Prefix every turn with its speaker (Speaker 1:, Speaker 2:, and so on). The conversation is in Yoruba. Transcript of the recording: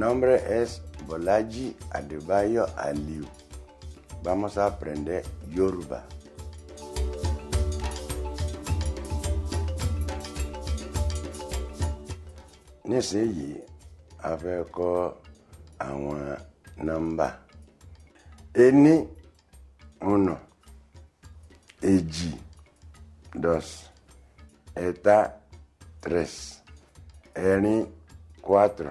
Speaker 1: nombre es Bolaji Adebayo Aliu. Vamos a aprender Yoruba. nísìnyìí a fẹ́ kọ́ àwọn nọ́mbà ení ọ̀nà dos eta tres eni cuatro.